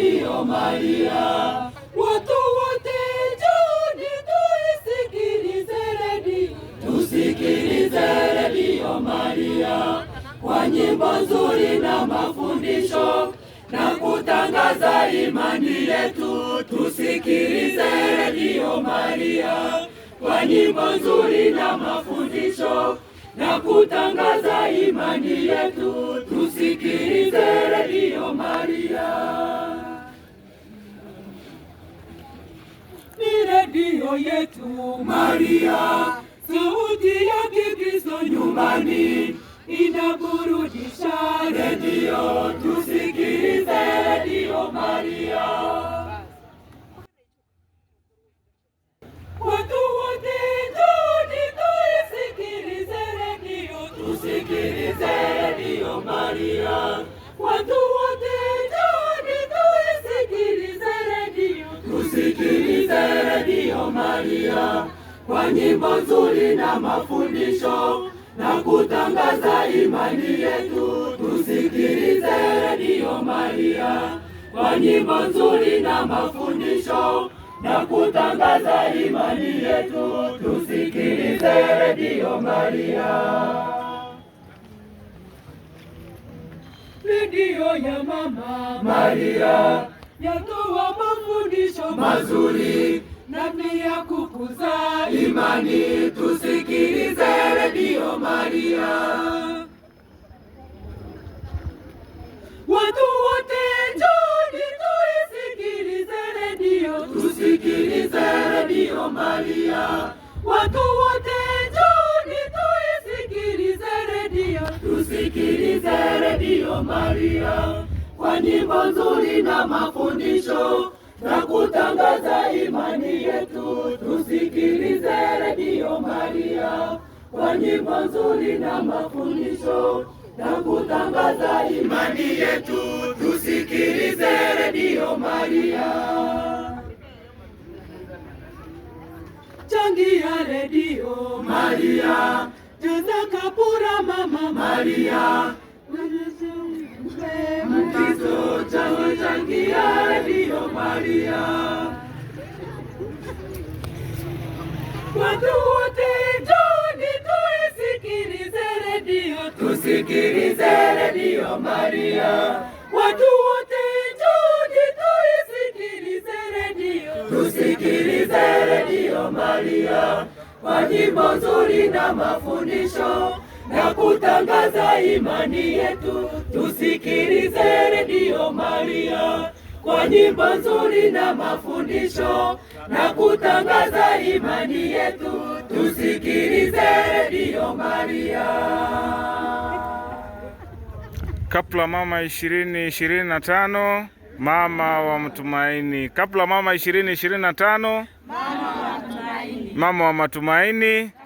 hiyo Maria, watu wote njoni tuisikilize redio, tusikilize redio Maria kwa nyimbo nzuri na mafundisho na kutangaza imani yetu. Tusikilize redio Maria kwa nyimbo nzuri na mafundisho na kutangaza imani yetu. Tusikilize redio Maria. redio yetu Maria, sauti ya Kikristo nyumbani inaburudisha redio Maria kwa nyimbo nzuri na mafundisho na kutangaza imani yetu. Tusikilize redio Maria kwa nyimbo nzuri na mafundisho na kutangaza imani yetu. Tusikilize redio Maria. Redio ya mama Maria yatoa mafundisho mazuri namni ya kukuza imani. Tusikilize redio Maria. Watu wote njoni, tuisikilize redio, tusikilize redio Maria. Watu wote njoni, tuisikilize redio, tusikilize redio Maria kwa nyimbo nzuri na mafundisho na kutangaza imani kwa nyimbo nzuri na mafundisho na kutangaza imani yetu. Tusikilize redio Maria, changia redio Maria, jaza kapura mama Maria changia redio Maria watu Tusikilize redio Maria, watu wote nchini tuisikilize redio, tusikilize redio Maria kwa nyimbo nzuri na mafundisho na kutangaza imani yetu. Tusikilize redio Maria kwa nyimbo nzuri na mafundisho na kutangaza imani yetu. Tusikilize redio Maria. Kapla Mama ishirini ishirini na tano mama wa matumaini. Kapla Mama ishirini ishirini na tano mama wa matumaini.